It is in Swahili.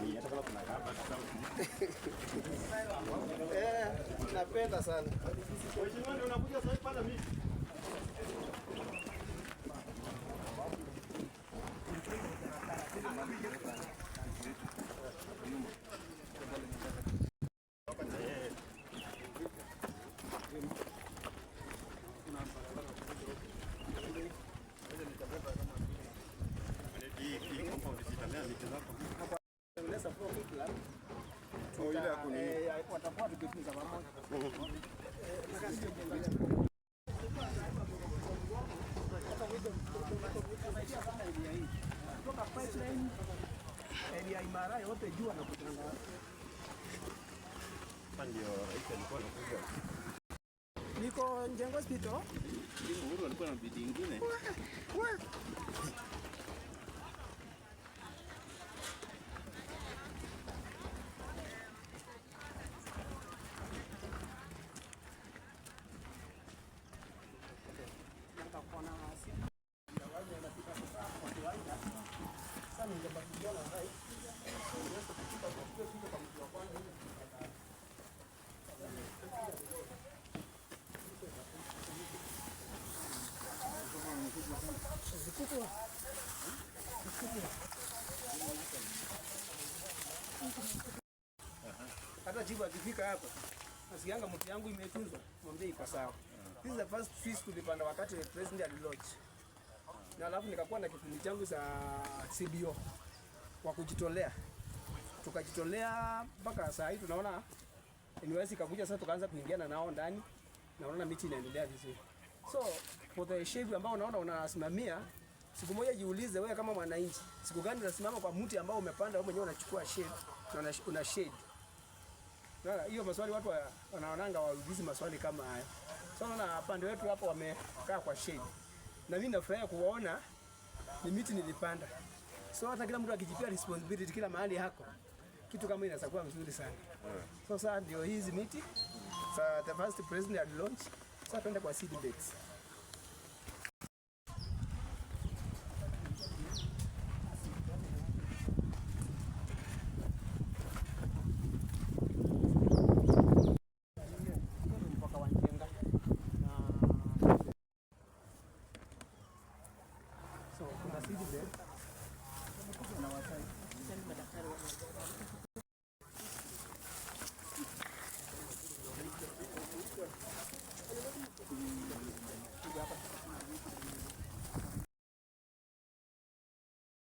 jamii, eh, napenda sana. Mheshimiwa ndio unakuja sasa pale mimi. ile ya kunini watakuwa tukifunza pamoja. Niko Njengo Hospital. Alikuwa na bidii nyingine. Hata chifu akifika hapa nasikianga mti yangu imetunzwa, mwambie iko sawa. This is the first trees tulipanda wakati president alilodge na alafu nikakuwa na kikundi changu za CBO kwa kujitolea, tukajitolea mpaka saa hii tunaona university ikakuja sasa, tukaanza kuingiana nao ndani, naona miti inaendelea vizuri. So for the shape ambao unaona unasimamia, siku moja jiulize wewe kama mwananchi, siku gani unasimama kwa mti ambao umepanda wewe mwenyewe, unachukua shade na una shade. Na hiyo maswali watu wanaonanga waulizi maswali kama haya. So na pande wetu hapo wamekaa kwa shade na mimi nafurahia kuwaona ni miti nilipanda. So hata kila mtu akijipia responsibility kila mahali hako kitu kama inasakuwa vizuri sana. So sasa ndio hizi miti. Sasa the first president had launched. Sasa tuende kwa seed beds.